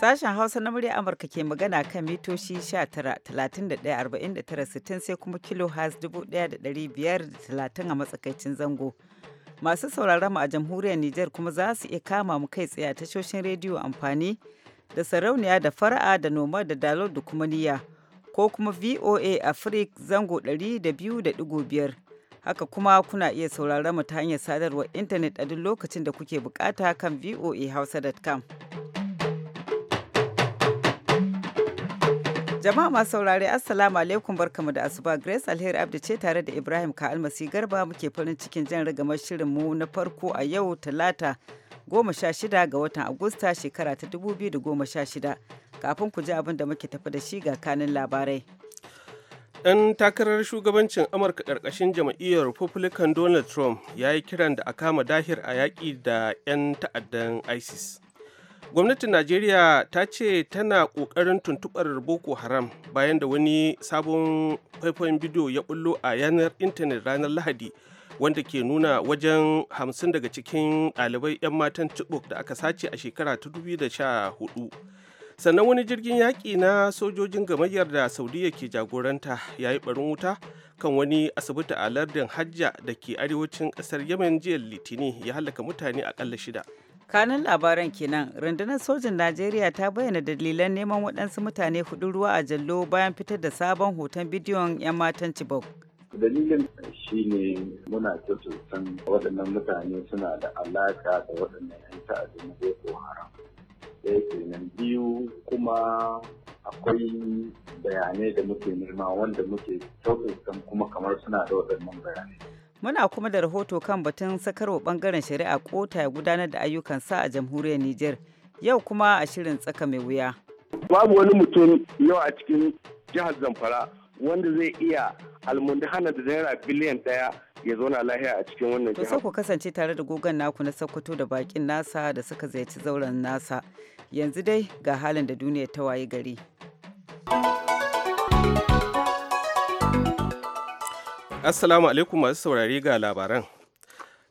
Sashen Hausa na murya Amurka ke magana kan mitoci 19,31,49,60 sai kuma kilo has 1,530 a matsakaicin zango. Masu sauraron mu a jamhuriyar Nijar kuma za su iya kama mu kai tsaye a tashoshin rediyo amfani da sarauniya da fara'a da noma da dalo da kuma niyya ko kuma VOA Africa zango 200.5 haka kuma kuna iya sauraron mu ta hanyar sadarwar intanet a duk lokacin da kuke bukata kan voahausa.com. Jama'a masu saurare Assalamu alaikum barkamu da asuba Grace Alheri Abdi ce tare da Ibrahim Ka Almasi Garba muke farin cikin jan rigamar shirin mu na farko a yau Talata goma sha shida ga watan Agusta shekara ta dubu biyu da goma sha shida. Kafin ku ji abin da muke tafi da shi ga kanin labarai. Ɗan takarar shugabancin Amurka ƙarƙashin jam'iyyar Republican Donald Trump ya yi kiran da a kama dahir a yaƙi da 'yan ta'addan ISIS. gwamnatin najeriya ta ce tana ƙoƙarin tuntuɓar boko haram bayan da wani sabon faifan bidiyo ya bullo a yanar intanet ranar lahadi wanda ke nuna wajen hamsin daga cikin ɗalibai 'yan matan chibok da aka sace a shekara ta 2014 sannan wani jirgin yaƙi na sojojin gamayyar da saudiya ke jagoranta ya yi barin wuta kan wani asibiti a lardin hajja da ke arewacin ƙasar yemen jiya litini ya halaka mutane aƙalla shida kanun labaran kenan rundunar sojin najeriya ta bayyana dalilan neman waɗansu mutane hudu ruwa a jallo bayan fitar da sabon hoton bidiyon 'yan matan chibok dalilin shi ne muna kyautatan waɗannan mutane suna da alaƙa da waɗannan 'yan ta'adun boko haram ɗaya kenan biyu kuma akwai bayanai da muke nema wanda muke kyautatan kuma kamar suna da waɗannan bayanai Muna kuma da rahoto kan batun sakarwa bangaren shari'a kota ya gudanar da ayyukan sa a jamhuriyar Nijar. Yau kuma a shirin tsaka mai wuya. Babu wani mutum yau a cikin jihar Zamfara wanda zai iya almundi hana da naira biliyan daya ya zauna lahiya a cikin wannan jihar. sai ku kasance tare da gogon naku na Sokoto da bakin nasa da suka ziyarci zauren nasa. Yanzu dai ga halin da duniya ta waye gari. Assalamu alaikum masu saurari ga labaran.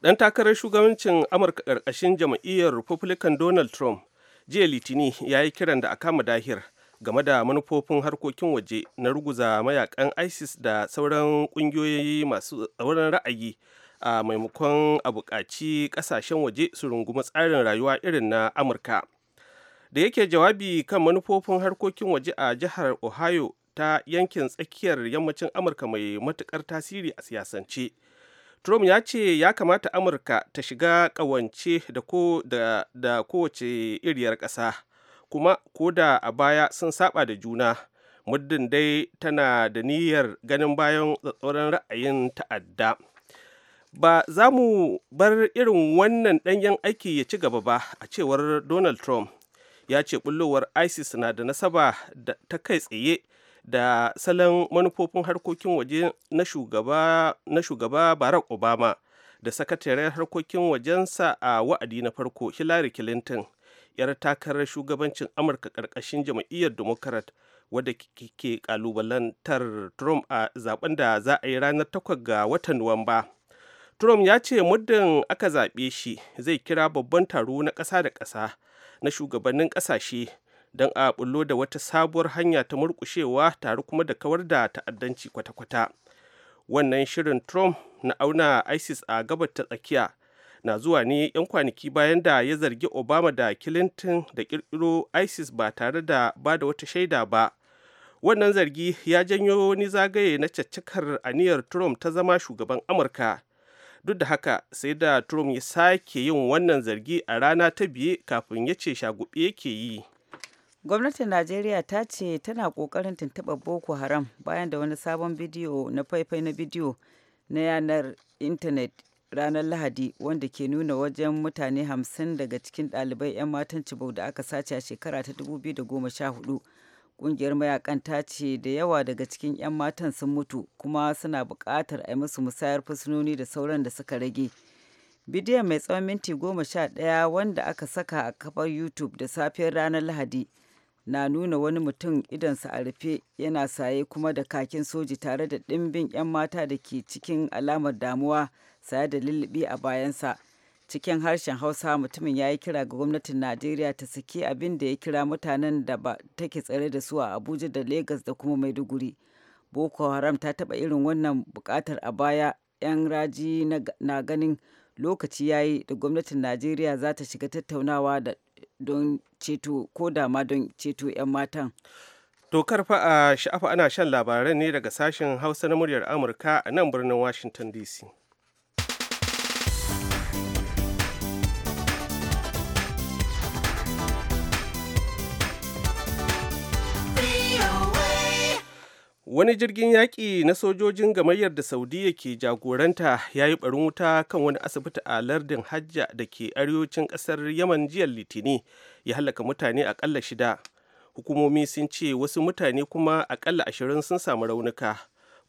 Ɗan takarar shugabancin Amurka ƙarƙashin jam'iyyar Republican Donald Trump jiya Litini ya yi kiran da a kama dahir game da manufofin harkokin waje na ruguza mayakan ISIS da sauran ƙungiyoyi masu tsauran ra'ayi a maimakon a buƙaci ƙasashen waje su rungumi tsarin rayuwa irin na Amurka. Da yake jawabi kan manufofin harkokin waje a jihar Ohio ta yankin tsakiyar yammacin amurka mai matukar tasiri a siyasance trump ya ce ya kamata amurka ta shiga kawance da, da, kowace iriyar ƙasa kuma ko da a baya sun saba da juna muddin dai tana da niyyar ganin bayan tsatsauran ra'ayin ta'adda ba za mu bar irin wannan ɗanyen aiki ya ci gaba ba a cewar donald trump ya ce bullowar isis na da nasaba ta kai tsaye da salon manufofin harkokin waje na shugaba, barack obama da sakataren harkokin wajensa a wa'adi na farko hillary clinton yar takarar shugabancin amurka karkashin jam'iyyar democrat wadda ke kalubalantar trump a zaben da za a yi ranar 8 ga watan nuwamba trump ya ce muddin aka zaɓe shi zai kira babban taro na ƙasa da ƙasa na shugabannin ƙasashe don a bullo da wata sabuwar hanya ta murkushewa tare kuma da kawar da ta'addanci kwata-kwata wannan shirin trump na auna isis a gabar ta tsakiya na zuwa ne 'yan kwanaki bayan da ya zargi obama da clinton da kirkiro isis ba tare da ba da wata shaida ba wannan zargi ya janyo wani zagaye na caccakar aniyar trump ta zama shugaban amurka duk da haka sai da trump ya sake yin wannan zargi a rana ta biye kafin ya ce shagube yake yi Gwamnatin Najeriya ta ce tana ƙoƙarin tuntuɓar Boko Haram bayan da wani sabon bidiyo na faifai na bidiyo na yanar intanet ranar Lahadi wanda ke nuna wajen mutane hamsin daga cikin ɗalibai 'yan matan Cibau da aka sace a shekara ta 2014. Ƙungiyar mayakan ta ce da yawa daga cikin 'yan matan sun mutu kuma suna buƙatar a yi musu musayar fursunoni da sauran da suka rage. Bidiyon mai tsawon minti goma sha ɗaya wanda aka saka a kafar YouTube da safiyar ranar Lahadi na nuna wani mutum idansa a rufe yana saye kuma da kakin soji tare da ɗimbin 'yan mata da ke cikin alamar damuwa saye da lullubi a bayansa cikin harshen hausa mutumin ya yi kira ga gwamnatin najeriya ta saki abin da ya kira mutanen da ba take tsare da su a abuja da Legas da kuma maiduguri boko haram ta taɓa irin wannan bukatar a baya 'yan raji na ganin lokaci ya yi da gwamnatin najeriya za ta shiga tattaunawa da don ceto ko dama don ceto 'yan matan dokar fa a sha'afa ana shan labaran ne daga sashen hausa na muryar amurka a nan birnin washington dc wani jirgin yaƙi na sojojin gamayyar da saudiya ke jagoranta ya yi ɓarin wuta kan wani asibiti a lardin hajja da ke arewacin ƙasar yaman jiya litini ya halaka mutane aƙalla shida hukumomi sun ce wasu mutane kuma aƙalla ashirin sun samu raunuka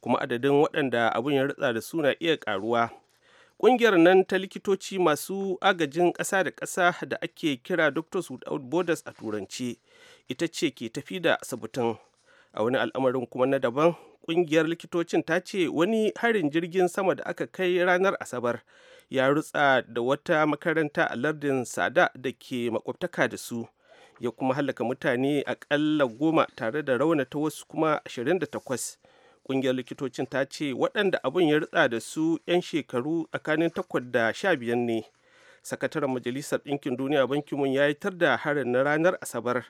kuma adadin waɗanda abin ya ritsa da suna iya ƙaruwa ƙungiyar nan ta likitoci masu agajin ƙasa da ƙasa da ake kira doctors without borders a turanci ita ce ke tafi da asibitin a wani al'amarin kuma na daban kungiyar likitocin ta ce wani harin jirgin sama da aka kai ranar asabar ya rutsa da wata makaranta a lardin sada da ke makwabtaka da su ya kuma halaka mutane akalla goma tare da raunata wasu kuma 28 kungiyar likitocin ta ce waɗanda abin ya rutsa da su 'yan shekaru tsakanin takwas da sha biyar ne sakataren majalisar ɗinkin duniya bankin mun ya yi tar da harin na ranar asabar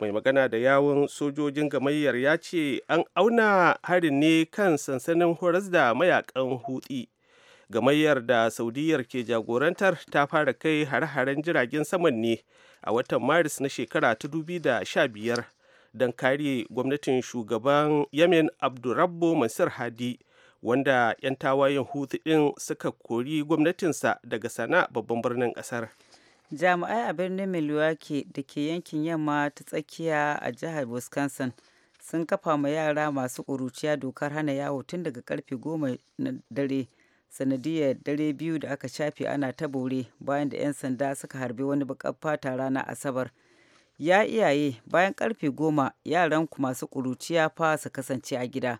mai magana da yawun sojojin gamayyar ya ce an auna harin ne kan sansanin horas da mayakan hutsi gamayyar da saudiyyar ke jagorantar ta fara kai hare-haren jiragen saman ne a watan maris na shekara ta dubi da sha biyar don kare gwamnatin shugaban yemen abdurrabbo mansur hadi wanda 'yan tawayen hutu ɗin suka kori gwamnatinsa daga sana babban birnin ƙasar. jami'ai a birnin milwaukee da ke yankin yamma ta tsakiya a jihar wisconsin sun kafa ma yara masu ƙuruciya dokar hana yawo tun daga karfe goma na dare sanadiyar dare biyu da aka shafe ana ta bore bayan da 'yan sanda suka harbi wani bakar fata ranar asabar ya iyaye bayan karfe goma yaran ku masu ƙuruciya fa su kasance a gida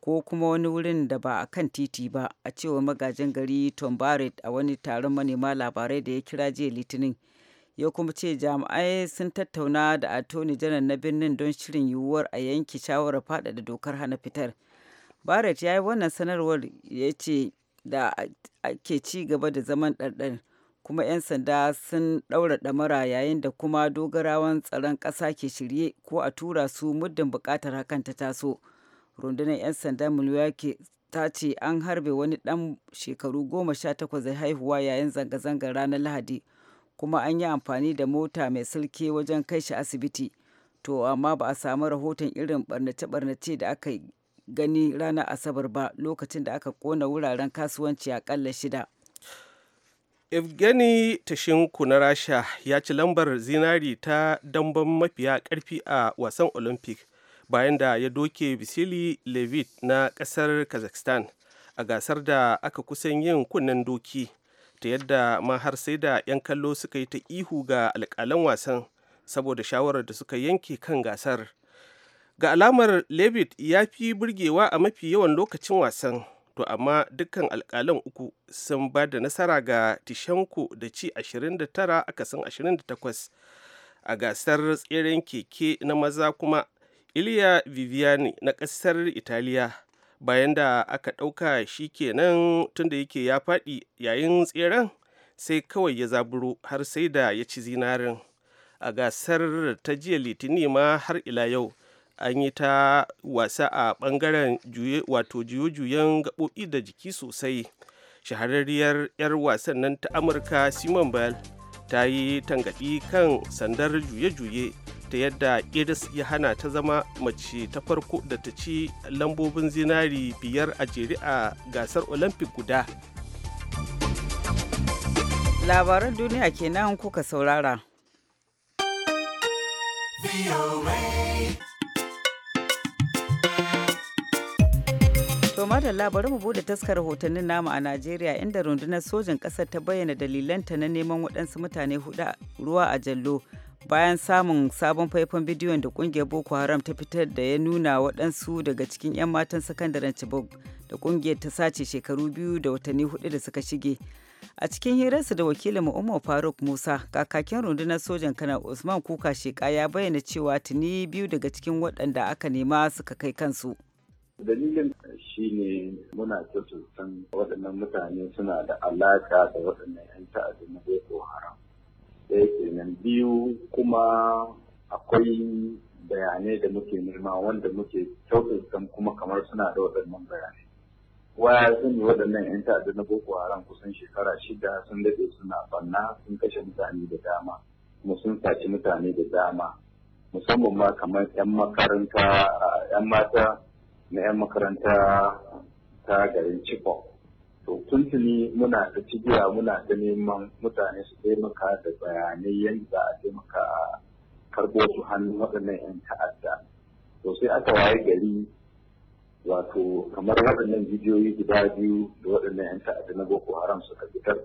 ko kuma wani wurin da ba a kan titi ba a cewa magajin gari tom barrett a wani taron manema labarai da ya kira jiya litinin ya kuma ce jami'ai sun tattauna da attorney janar na birnin don shirin yiwuwar a yanki shawarar faɗaɗa dokar hana fitar barrett ya yi wannan sanarwar ya ce da ake ci gaba da zaman ɗarɗar kuma 'yan sanda sun ɗaura ɗamara yayin da kuma dogarawan tsaron ƙasa ke shirye ko a tura su muddin buƙatar hakan ta taso rundunar 'yan sanda milwaukee ta ce an harbe wani dan shekaru goma sha takwas da haihuwa yayin zanga-zangar ranar lahadi kuma an yi amfani da mota mai silke wajen kai shi asibiti to amma ba a samu rahoton irin barnace-barnace da aka gani ranar asabar ba lokacin da aka kona wuraren kasuwanci akalla shida evgeny tashinku na rasha ya ci lambar zinari ta damben mafiya karfi a wasan olympic bayan da ya doke bisili levit na kasar kazakhstan a gasar da aka kusan yin kunnen doki ta yadda ma har sai da 'yan kallo suka yi ta ihu ga alƙalan wasan saboda shawarar da suka yanke kan gasar ga alamar levit ya fi burgewa a mafi yawan lokacin wasan to amma dukkan alƙalan uku sun ba da nasara ga tishanko da ci 29 akasin 28 a gasar tseren keke na maza kuma iliya viviani na ƙasar italiya bayan da aka ɗauka shi kenan tunda yake ya faɗi yayin tseren sai kawai ya zaburo har sai da ya ci zinarin a gasar ta jiya litini ma har ila yau an yi ta wasa a ɓangaren wato juye-juyen gaɓoɓi da jiki sosai shahararriyar 'yar wasan nan ta amurka simon bell ta yi tangaɗi kan sandar juye-juye ta yadda iris ya hana ta zama mace ta farko da ta ci lambobin zinari biyar a jere a gasar olympic guda labaran duniya kenan kuka saurara. To madalla bari mu bude taskar hotunan namu a Najeriya inda rundunar sojin kasar ta bayyana dalilanta na neman wadansu mutane hudu ruwa a jallo bayan samun sabon faifan bidiyon da kungiyar Boko Haram ta fitar da ya nuna wadansu daga cikin 'yan matan sakandaren Chibok da kungiyar ta sace shekaru biyu da watanni hudu da suka shige. A cikin hirarsa da wakilin mu Umar Faruk Musa, kakakin rundunar sojan kana Usman Kuka Sheka ya bayyana cewa tuni biyu daga cikin waɗanda aka nema suka kai kansu. Dalilin shi ne muna san waɗannan mutane suna da alaƙa da waɗannan 'yan ta'adda na Boko Haram. Ɗaya kenan biyu kuma akwai bayanai da muke nema wanda muke san kuma kamar suna da waɗannan bayanai. Waya sun yi waɗannan 'yan ta'adda na Boko Haram kusan shekara shida sun daɗe suna banna sun kashe mutane da dama. Kuma sun saci mutane da dama. Musamman ma kamar 'yan makaranta a 'yan mata na 'yan makaranta ta garin Chibok. To tuntuni muna ta cigiya muna ta neman mutane su taimaka da bayanai yadda a taimaka karɓo su hannun waɗannan 'yan ta'adda. To sai aka waye gari wato kamar waɗannan bidiyoyi guda biyu da waɗannan 'yan ta'adda na Boko Haram suka fitar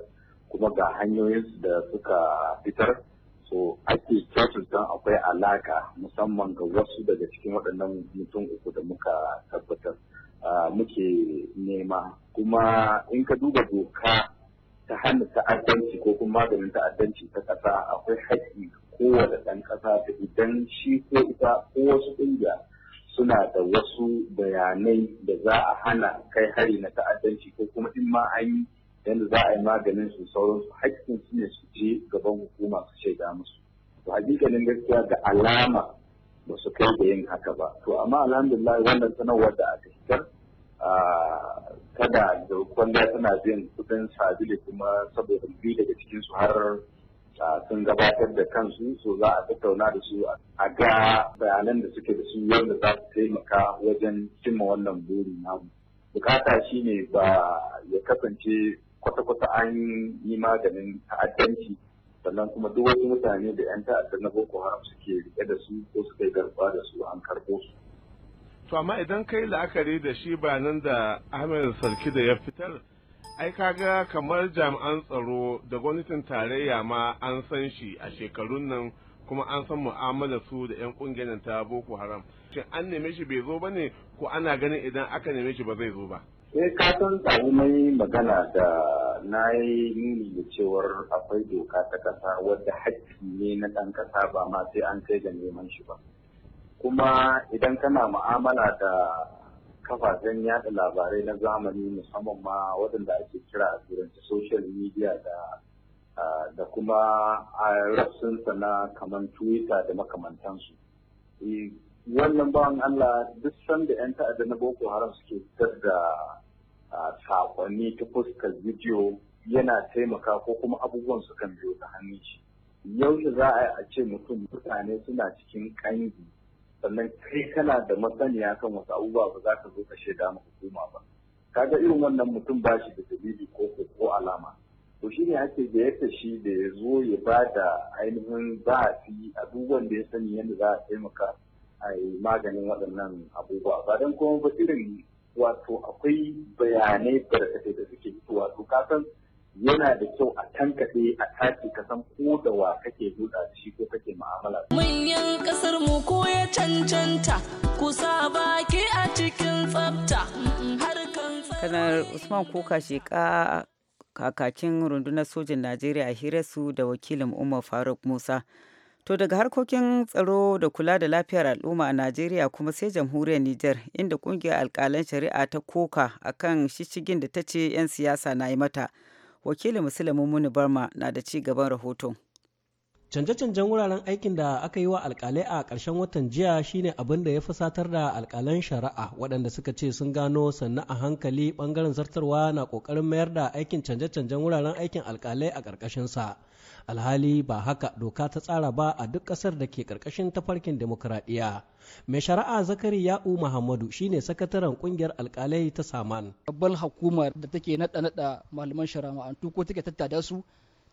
kuma ga hanyoyinsu da suka fitar. so ake kyautata akwai alaka musamman ga wasu daga cikin waɗannan mutum uku da muka tabbatar muke nema kuma in ka duba doka ta hana ta'addanci ko kuma maganin ta'addanci ta ƙasa akwai haƙƙi kowane ɗan ƙasa ta idan shi ko ita ko wasu ƙungiya suna da wasu bayanai da za a hana kai hari na ta'addanci ko kuma in ma an yi yadda za a yi maganin su sauransu haƙƙin su ne su je gaban hukuma su shaida musu to hakikalin gaskiya da alama ba su kai da yin haka ba to amma alhamdulillah wannan sanarwar da aka fitar kada da kwalliya tana biyan kudin sabili kuma saboda biyu daga cikin su har sun gabatar da kansu so za a tattauna da su a ga bayanan da suke da su yadda za su taimaka wajen cimma wannan buri namu bukata shine ba ya kasance kwata-kwata an yi maganin ta'addanci sannan kuma duk wasu mutane da 'yan ta'addar na boko haram suke rike da su ko suka yi garba da su an karɓo su to amma idan kai la'akari da shi ba nan da ahmed sarki da ya fitar ai ga kamar jami'an tsaro da gwamnatin tarayya ma an san shi a shekarun nan kuma an san mu'amala su da 'yan kungiyar ta boko haram shin an neme shi bai zo ba ne ko ana ganin idan aka neme shi ba zai zo ba Sai eh, ka san tsawo mai magana da na yi nuni da cewar akwai doka ta kasa wadda hakki ne na ɗan kasa ba ma sai an kai ga neman shi ba kuma idan kana mu'amala da kafafen yaɗa labarai na zamani musamman ma waɗanda ake kira a turanci social media da da kuma rassunsa na kamar twitter da makamantansu eh, wannan bawan Allah duk sanda 'yan ta'adda na Boko Haram suke fitar da sakonni ta fuskar bidiyo yana taimaka ko kuma abubuwan su kan biyo ta hannun shi yaushe za a yi a ce mutum mutane suna cikin kangi sannan kai kana da masaniya kan wasu abubuwa ba za ka zo ka shaida ma hukuma ba kaga irin wannan mutum ba shi da dalili ko ko alama to shi ne ake gayyata shi da ya zo ya ba da ainihin zafi a abubuwan da ya sani yadda za a taimaka a yi maganin waɗannan abubuwa ba don kuma ba irin wato akwai bayanai barkatai da suke fitowa wato kasan yana da kyau a tankaɗe a tace ka san ko da wa kake hulɗa da shi ko kake mu'amala. Manyan ƙasar mu ko ya cancanta kusa baki a cikin tsafta harkan Kanar Usman Kuka ka kakakin rundunar sojin Najeriya a hirarsu da wakilin Umar Faruk Musa. To daga harkokin tsaro da kula da lafiyar al'umma a Najeriya kuma sai jamhuriyar Nijar inda kungiyar alkalan shari'a ta koka a kan shishigin da ta ce 'yan siyasa na yi mata. Wakilin Musulmi Muni Barma na da ci gaban rahoton. Canje-canjen wuraren aikin da aka yi wa alkalai a ƙarshen watan jiya shine abin da ya fusatar da alkalan shari'a waɗanda suka ce sun gano sannu a hankali Bangaren zartarwa na ƙoƙarin mayar da aikin canje-canjen wuraren aikin alkalai a ƙarƙashinsa. Alhali ba haka doka ta tsara ba a duk ƙasar da ke ƙarƙashin tafarkin demokuraɗiyya. Mai shari'a Zakari Ya'u Muhammadu shine sakataren ƙungiyar alkalai ta Saman. Babbar hukumar da take naɗa-naɗa malaman shari'a ko take tattada su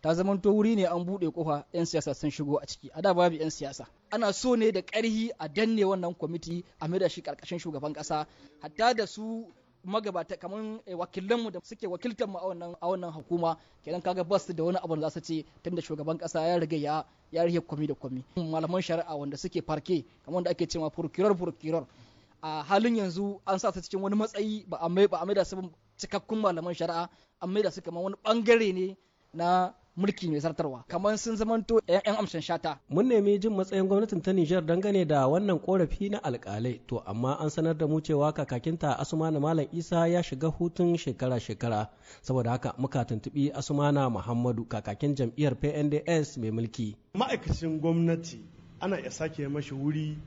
ta zamanto wuri ne an buɗe kofa 'yan siyasa sun shigo a ciki a da babu 'yan siyasa ana so ne da ƙarhi a danne wannan kwamiti a da shi ƙarƙashin shugaban ƙasa hatta da su magabata kamar eh, wakilanmu da suke wakiltar mu a wannan a wannan hukuma kenan kaga bas da wani abu da za su ce tunda shugaban kasa ya riga ya ya rike kwami da kwami malaman shari'a wanda suke farke kamar da ake cewa procurer procurer a halin yanzu an sa su cikin wani matsayi ba a mai ba a mai da su cikakkun malaman shari'a an mai da su kamar wani bangare ne na mulki mai zartarwa kamar sun zamanto 'yan amshin shata. Mun nemi jin matsayin gwamnatin ta Nijar dangane da wannan korafi na alkalai to amma an sanar da mu cewa kakakinta Asumana Malam Isa ya shiga hutun shekara-shekara saboda haka muka tuntubi Asumana Muhammadu kakakin jam'iyyar PNDS mai mulki. Ma'aikacin gwamnati ana iya sake mashi wuri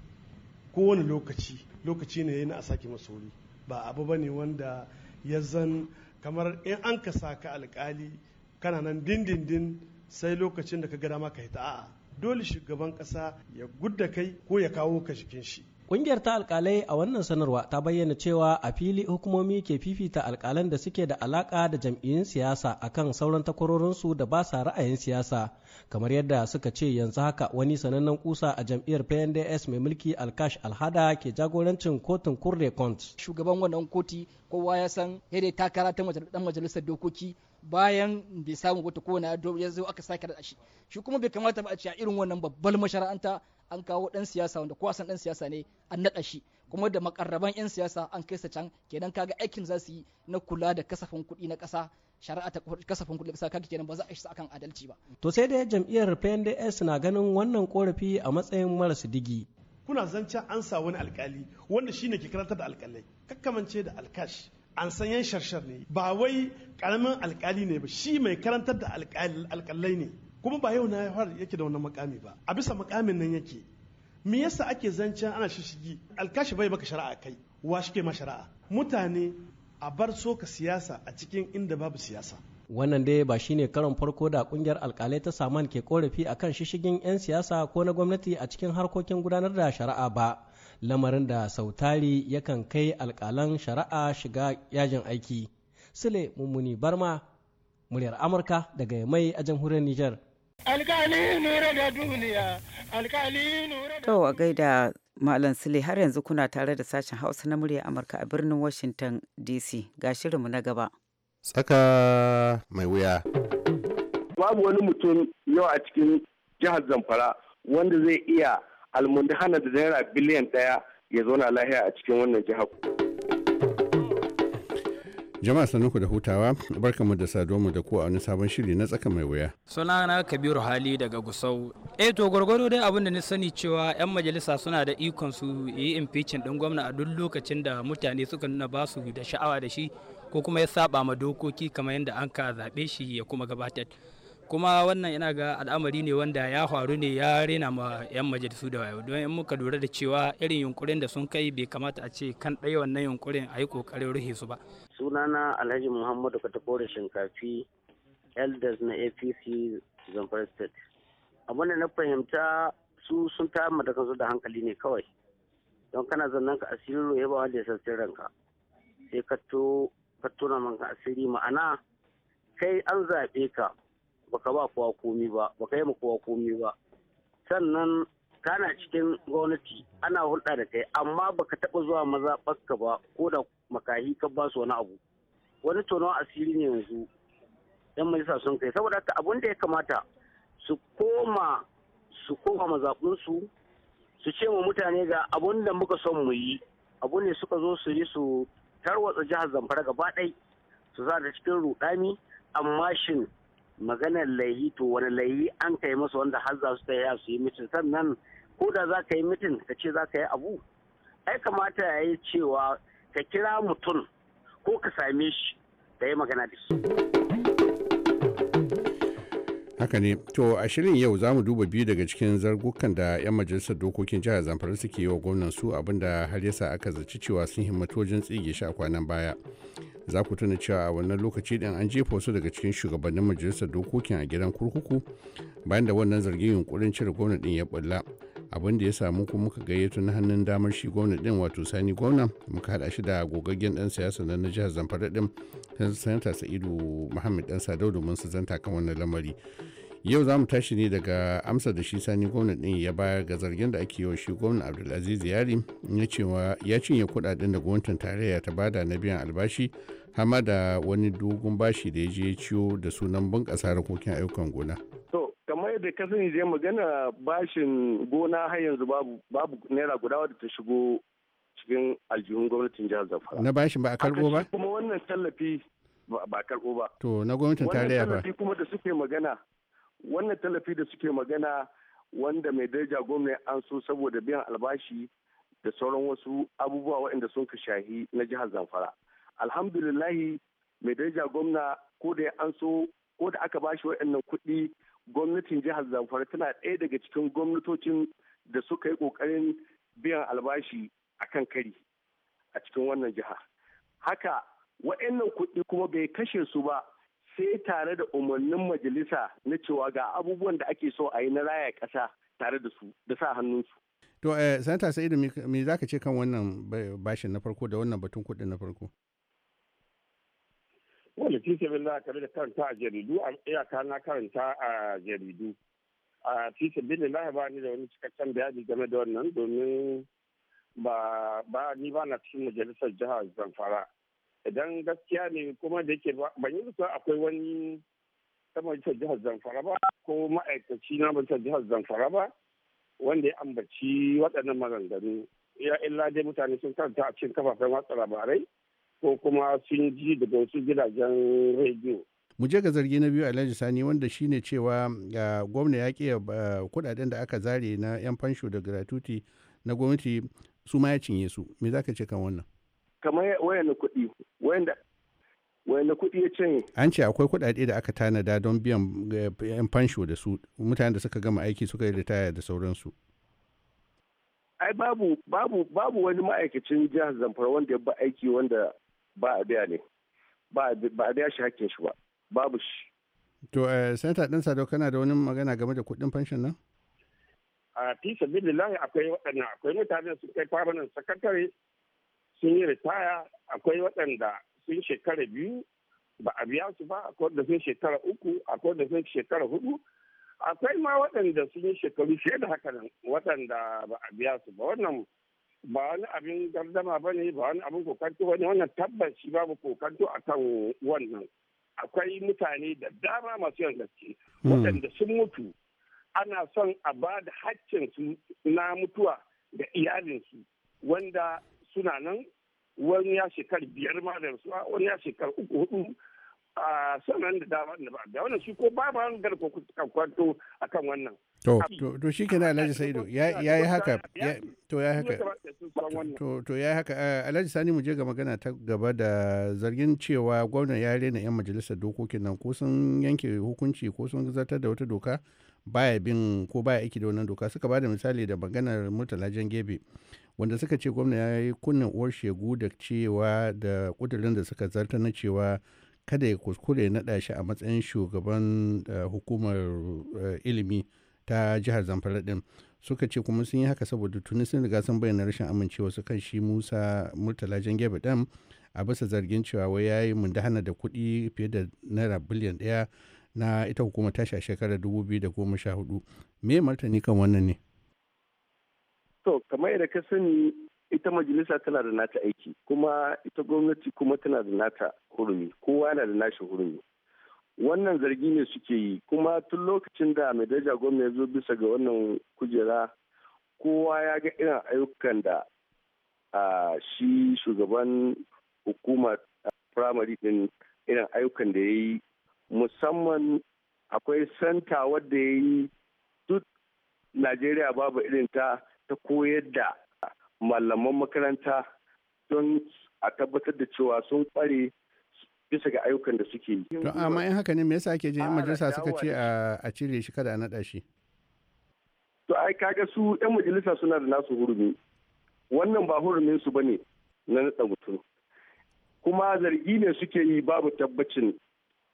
kowane lokaci lokaci ne na a sake masa wuri ba abu bane wanda ya zan kamar in an ka saka alkali kana nan dindindin sai lokacin da ka gada maka ka hita a'a dole shugaban ƙasa ya gudda kai ko ya kawo ka jikin shi Ƙungiyar ta alkalai a wannan sanarwa ta bayyana cewa a fili hukumomi ke fifita alkalan da suke da alaka da jam'iyyun siyasa akan sauran takwarorinsu da ba sa ra'ayin siyasa, kamar yadda suka ce yanzu haka wani sanannen kusa a jam'iyyar PNDS mai mulki Alkash Alhada ke jagorancin kotun Kurle Kont. Shugaban wannan koti kowa ya san yadda takara ta dan majalisar dokoki bayan bai samu wata kowane ya zo aka sake da shi. Shi kuma bai kamata ba a ce a irin wannan babbar mashara'anta an kawo ɗan siyasa wanda kowa san ɗan siyasa ne an naɗa shi kuma da makarraban yan siyasa an kai sa can kenan kaga aikin za su yi na kula da kasafin kuɗi na ƙasa shari'a ta kasafin kuɗi ƙasa kaga kenan ba za a shi akan adalci ba to sai dai jam'iyyar PNDS na ganin wannan korafi a matsayin marasa digi kuna zancen an sa wani alkali wanda shi ne ke karantar da alkalai kakkamance da alkashi an san yan sharshar ne ba wai karamin alkali ne ba shi mai karantar da alkalai ne kuma ba yau na har yake da wannan makami ba a bisa makamin nan yake me yasa ake zancen ana shishigi alkashi bai baka shari'a kai wa shike ma shari'a mutane a bar soka siyasa a cikin inda babu siyasa wannan dai ba shine karon farko da kungiyar alkalai ta saman ke korafi akan shishigin 'yan siyasa ko na gwamnati a cikin harkokin gudanar da shari'a ba lamarin da sautari yakan kai alkalan shari'a shiga yajin aiki sule mummuni barma muryar amurka daga mai a jamhuriyar nijar. Alkali nura da duniya, alkali nura da To a gaida Malam Sule har yanzu kuna tare da sashen Hausa na murya Amurka a birnin Washington DC ga shirinmu na gaba. Tsaka mai wuya. Babu wani mutum yau a cikin jihar Zamfara wanda zai iya almundahana da naira biliyan ɗaya ya zauna lahiya a cikin wannan jihar. jama'a sanuku da hutawa barkamu da saduwa mu da ku a wani sabon shiri na tsaka mai wuya sunana kabiru hali daga gusau eh to gwargwado dai abin da na sani cewa yan majalisa suna da ikon su yi impeachment din gwamna a duk lokacin da mutane suka nuna ba su da sha'awa da shi ko kuma ya saba ma dokoki kamar yadda an ka zaɓe shi ya kuma gabatar kuma wannan yana ga al'amari ne wanda ya faru ne ya rena ma 'yan majalisu da wayo don in muka lura da cewa irin yunkurin da sun kai bai kamata a ce kan ɗaya wannan yunkurin a yi ƙoƙarin rufe su ba. sunana alhaji muhammadu katakore shinkafi elders na apc zamfara state abinda na fahimta su sun ta da kansu da hankali ne kawai don kana zannan ka asiri roye ba wanda ya sassin ranka sai ka ka tona man asiri ma'ana kai an zaɓe ka baka ba kowa komi ba baka yi ma kowa komi ba sannan kana cikin gwamnati ana hulɗa da kai amma baka taɓa zuwa maza ba ko da makahi ka ba su wani abu wani tonon asiri ne yanzu yan majalisa sun kai saboda haka abun da ya kamata su koma su koma mazaɓinsu su ce ma mutane ga abun da muka son mu yi abun ne suka zo su yi su tarwatsa jihar zamfara gaba ɗai su za ta cikin rudani amma shin maganar layi to wani layi an kai masa wanda har za su ta su yi mitin sannan ko da za ka yi mitin ka ce za ka yi abu ai kamata ya yi cewa ka kira mutum ko ka same shi ka yi magana da shi. haka ne to a shirin yau za mu duba biyu daga cikin zargukan da 'yan majalisar dokokin jihar zamfara suke yi wa gwamnan su abinda har yasa aka zaci cewa sun himmatu wajen tsige shi a kwanan baya za ku tuna cewa a wannan lokaci din an jefa wasu daga cikin shugabannin majalisar dokokin a gidan kurkuku bayan da wannan zargin yunkurin cire gwamnan din ya bulla abin da ya samu kuma muka gayyato na hannun damar shi gwamna din wato sani gwamna muka hada shi da gogaggen dan siyasa na na jihar zamfara din sanata sa'idu muhammad dan sadau domin su zanta kan wannan lamari yau za mu tashi ne daga amsa da shi sani gwamna din ya bayar ga zargin da ake yi wa shi gwamna abdulaziz yari ya cewa ya cinye kudaden da gwamnatin tarayya ta bada na biyan albashi hama da wani dogon bashi da ya je ciwo da sunan bunƙasa harkokin ayyukan gona kawai da kasan je magana bashin gona har yanzu babu babu naira guda wadda ta shigo cikin aljihun gwamnatin jihar Zamfara. Na bashin ba a karbo ba? Kuma wannan tallafi ba karbo ba. To na gwamnatin tarayya ba. Wannan kuma da suke magana wannan tallafi da suke magana wanda mai daraja gwamna an so saboda biyan albashi da sauran wasu abubuwa waɗanda sun ka shahi na jihar Zamfara. Alhamdulillahi mai daraja gwamna ko da ya an so ko da aka bashi waɗannan kuɗi gwamnatin jihar zamfara tana ɗaya daga cikin gwamnatocin da suka yi ƙoƙarin biyan albashi a kan kari a cikin wannan jiha haka waɗannan kuɗi kuma bai kashe su ba sai tare da umarnin majalisa na cewa ga abubuwan da ake so a yi na raya ƙasa tare da su da sa hannunsu to eh, sanata sa'idu me zaka ce kan wannan bashin na farko da wannan batun kuɗi na farko wanda fi na kare da karanta a jaridu a iyaka na karanta a jaridu a fi bin na ba ni da wani cikakken bayani game da wannan domin ba ba ni ba na cikin majalisar jihar zamfara idan gaskiya ne kuma da yake ban yi zuwa akwai wani ta majalisar jihar zamfara ba ko ma'aikaci na majalisar jihar zamfara ba wanda ya ambaci waɗannan maganganu ya illa dai mutane sun karanta a cikin kafafen watsa labarai ko kuma sun ji daga wasu gidajen rediyo mu je ga zargi na biyu alhaji sani wanda shine cewa ah, gwamna ya kiya ah, kudaden da aka zare na yan fansho da gratuity na gwamnati su ma ya cinye su me za ka ce kan wannan kamar wayan kuɗi wayanda wayan kuɗi ya cinye an ce akwai kudade da aka tanada don biyan yan eh, fansho da su mutanen da suka gama aiki suka yi ritaya da sauransu ai babu babu babu wani ma'aikacin jihar zamfara wanda ya ba aiki wanda ba a biya ne ba a biya shi hakkin shi ba babu shi to eh, sanata ɗan sadau kana da wani magana game da kuɗin pension nan a fi sabilillahi akwai waɗannan akwai mutane su kai permanent sakatare sun yi ritaya akwai waɗanda sun shekara biyu ba a biya su ba akwai da sun shekara uku akwai da sun shekara hudu akwai ma waɗanda sun yi shekaru fiye da haka nan waɗanda ba a biya su ba wannan ba wani abin gardama ba ne ba wani abin kokanto ba ne wannan tabbaci babu kokanto a kan wannan akwai mutane da dama masu yan gaske hmm. waɗanda sun mutu ana son a ba da su na mutuwa da iyalinsu wanda suna nan wani ya shekar biyar ma da rasuwa wani ya shekar uku hudu a sanar da dama da ba wannan shi ko kwanto a wannan. To, to shi kenan Alhaji saido ya yi haka, to ya haka, to ya yi haka, Alhaji Sani mu je ga magana ta gaba da zargin cewa gwamnan ya rena 'yan majalisar dokokin nan ko sun yanke hukunci ko sun zartar da wata doka baya bin ko baya aiki da wannan doka suka ba da misali da maganar Murtala Jangebe. wanda suka ce gwamna ya yi kunnen uwar shegu da cewa da kudurin da suka zartar na cewa kada ya kuskure naɗa shi a matsayin shugaban eh, hukumar eh, ilimi ta jihar zamfara din suka ce kuma sun yi haka saboda tuni sun riga sun bayyana rashin amincewa su kan shi musa murtala jangebe ɗan a bisa zargin cewa wai ya yi mundahana da kuɗi fiye da naira biliyan ɗaya na ita hukumar tashi a shekarar hudu me martani kan wannan ne to kamar yadda ka sani ita majalisa tana da nata aiki kuma ita gwamnati kuma tana da nata hurumi kowa yana da nashi hurumi wannan zargi ne suke yi kuma tun lokacin da mai daraja gwamna ya zo bisa ga wannan kujera kowa ya ga irin ayyukan da shi shugaban hukumar firamare din irin ayyukan da ya yi musamman akwai santa wadda ya yi duk najeriya babu irin ta ta koyar da malaman makaranta don a tabbatar da cewa sun kware bisa ga ayyukan da suke yi. To amma in haka ne me yasa ake jin majalisa suka ce a cire shi kada a naɗa shi? To ai kaga su yan majalisa suna da nasu hurumi. Wannan ba hurumin su bane na nada mutum. Kuma zargi ne suke yi babu tabbacin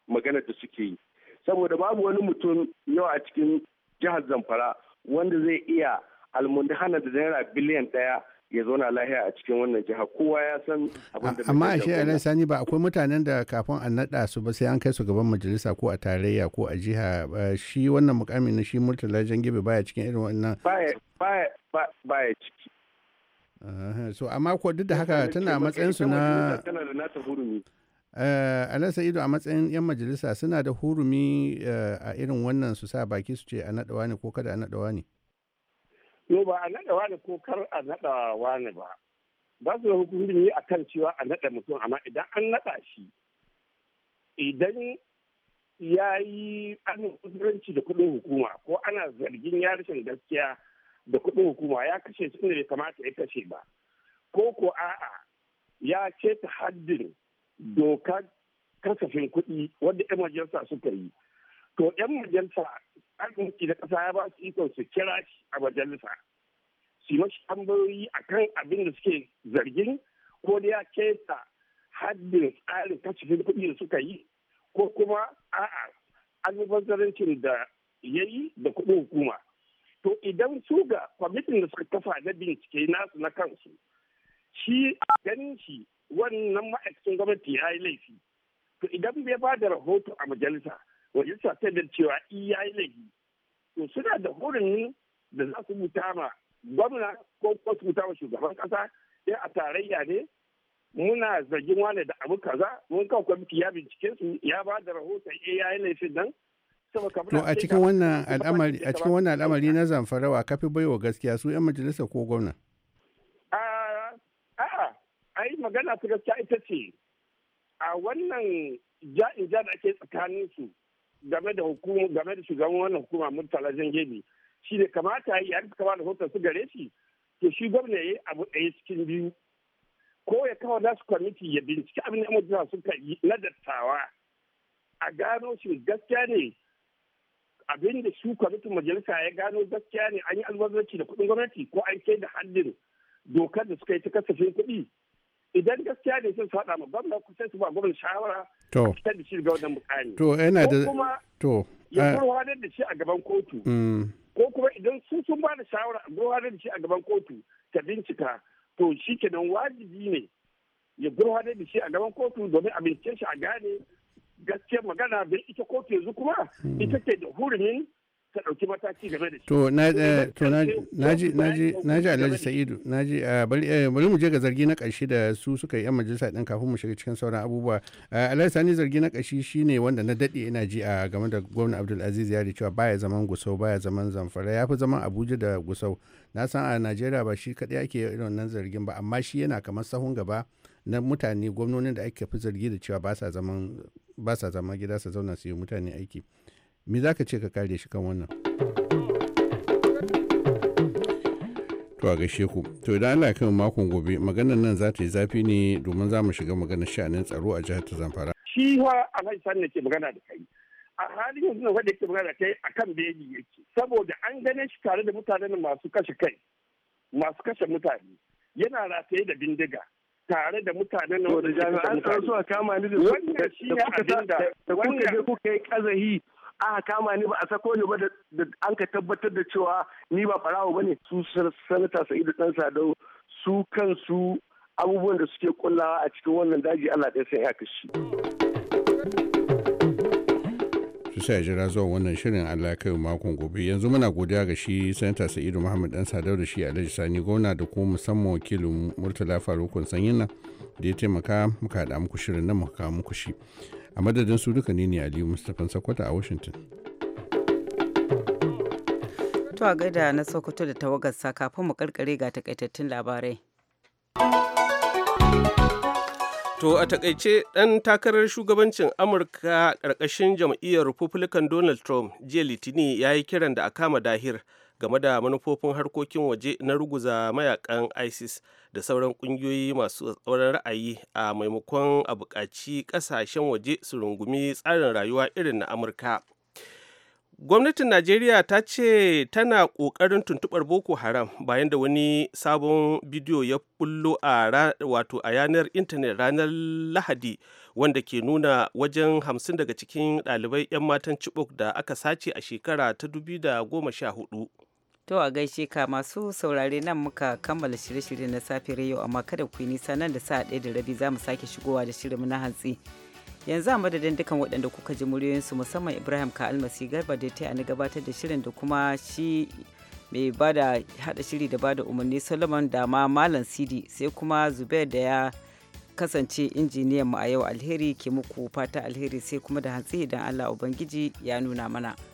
maganar da suke yi. Saboda babu wani mutum yau a cikin jihar Zamfara wanda zai iya almundahana da naira biliyan ɗaya ya zauna lahiya a cikin wannan jiha kowa ya san amma a amma shi a sani ba akwai mutanen da kafin a naɗa su ba sai an kai su gaban majalisa ko a tarayya ko a jiha shi wannan mukami na shi murtala gibe baya cikin irin wannan baya ciki so amma ko duk da haka tana matsayin su na Uh, da eh, alasa ido a matsayin 'yan majalisa suna da hurumi eh, a irin wannan su sa baki su ce a naɗawa ne ko kada a naɗawa ne no ba a naɗa wani ko kar a naɗa wani ba ba su da hukumin yi a kan cewa a naɗa mutum amma idan an naɗa shi idan ya yi an kusuranci da kuɗin hukuma ko ana zargin ya rashin gaskiya da kuɗin hukuma ya kashe su da bai kamata ya kashe ba ko ko a'a ya ce ta haddin dokar kasafin kuɗi wadda 'yan majalisa suka yi to 'yan majalisa arziki da kasa ya ba su ikon su kira shi a majalisa su mashi tambayoyi a kan abin da suke zargin ko da ya kesa haddin tsarin kasafin kuɗi da suka yi ko kuma a'a almubazarancin da ya yi da kuɗin hukuma to idan su ga kwamitin da suka kafa na bincike nasu na kansu shi ganin shi wannan ma'aikacin gwamnati ya yi laifi to idan bai ba da rahoto a majalisa majalisa ta da cewa iya yi laifi to suna da hurin da za su rubuta ma gwamna ko kuma su rubuta ma shugaban kasa ya eh, a tarayya ne muna zargin wane da abu kaza mun kawo kwamiti ya bincike su ya ba da rahoton iya yi laifin nan To a cikin wannan al'amari a cikin wannan al'amari na zamfarawa kafi baiwa gaskiya su 'yan majalisa ko gwamna? A'a, yi magana ta gaskiya ita ce a wannan ja'in ja da ake tsakanin su game da hukuma game da shugaban wannan hukuma murtala zangebi shi ne kamata yi an kama da hotar su gare shi to shi gwamna ya yi abu ɗaya cikin biyu ko ya kawo nasu kwamiti ya binciki abin da majalisa suka yi na dattawa a gano shi gaskiya ne abin da su kwamitin majalisa ya gano gaskiya ne an yi alwazarci da kuɗin gwamnati ko an kai da haddin dokar da suka yi ta kasafin kuɗi idan gaskiya ne sai su haɗa ma gwamna ku sai su ba gwamna shawara to fitar da shi ga wannan mukami to yana da kuma to ya eh. gurwadar da shi a gaban kotu mm. ko kuma idan su sun ba da shawara a gurwadar da shi a gaban kotu ta bincika to shi kenan wajibi ne ya gurwadar da shi a gaban kotu domin a bincike shi a gane gaskiyar magana bai ita kotu yanzu kuma mm. ita ke da hurumin ta ɗauki mataki game da shi. To na eh, ji Alhaji Sa'idu na ji eh, eh, bari mu je ga zargi na ƙarshe da su suka yi 'yan majalisa ɗin kafin mu shiga cikin sauran abubuwa. Alhaji Sani zargi na ƙarshe shine wanda na daɗe ina ji a game da gwamna Abdul Aziz Yari cewa baya zaman Gusau baya zaman Zamfara ya fi zaman Abuja da Gusau. Na san a Najeriya ba shi kaɗai ake irin wannan zargin ba amma shi yana kamar sahun gaba na mutane gwamnonin da ake fi zargi da cewa ba sa zaman gida su zauna su yi mutane aiki. me za ka ce ka kare shi kan wannan to a gaishe ku to idan Allah ya makon gobe maganar nan za ta yi zafi ne domin za mu shiga maganar sha'anin tsaro a jihar ta Zamfara shi wa Alhaji Sani ke magana da kai a halin yanzu da ke magana da kai akan beli yake saboda an ganin shi tare da mutanen masu kashe kai masu kashe mutane yana rataye da bindiga tare da mutanen da jami'an tsaro suka kama ni da su da kuka je kuka yi kazahi aka kama ni ba a sako ni ba da an ka tabbatar da cewa ni ba farawo ba ne su sanata sa'idu dan sadau su kansu abubuwan da suke kullawa a cikin wannan daji allah ɗaya sai ya kashi. su sa jira zuwa wannan shirin Allah kai makon gobe yanzu muna godiya ga shi sanata sa'idu muhammad dan sadau da shi alhaji sani gwamna da kuma musamman wakilin murtala farukun sanyin nan da ya taimaka muka haɗa muku shirin nan muka kawo muku shi a madadin su duka ne ne aliyu mustapha sakwata a washington to a gaida na sokoto da sa kafin mu karkare ga takaitattun labarai To a takaice dan takarar shugabancin Amurka ƙarƙashin jam'iyyar Republican Donald Trump jiya Litini ya yi kiran da a kama dahir game da manufofin harkokin waje na ruguza mayakan isis da sauran kungiyoyi masu tsauran ra'ayi a maimakon a buƙaci ƙasashen waje su rungumi tsarin rayuwa irin na amurka gwamnatin najeriya ta ce tana ƙoƙarin tuntuɓar boko haram bayan da wani sabon bidiyo ya bullo a wato a yanar intanet ranar lahadi wanda ke nuna wajen hamsin daga cikin ɗalibai 'yan matan chibok da aka sace a shekara ta 2014 To a gaishe ka masu saurare nan muka kammala shirye-shirye na safe yau amma kada ku yi nisa nan da sa ɗaya da rabi za mu sake shigowa da shirin na hantsi. Yanzu a madadin dukan waɗanda kuka ji muryoyinsu musamman Ibrahim ka almasi garba da ta ani gabatar da shirin da kuma shi mai bada haɗa shiri da bada umarni Solomon da ma Malam Sidi sai kuma Zubair da ya kasance injiniyan mu a yau alheri ke muku fata alheri sai kuma da hantsi idan Allah Ubangiji ya nuna mana.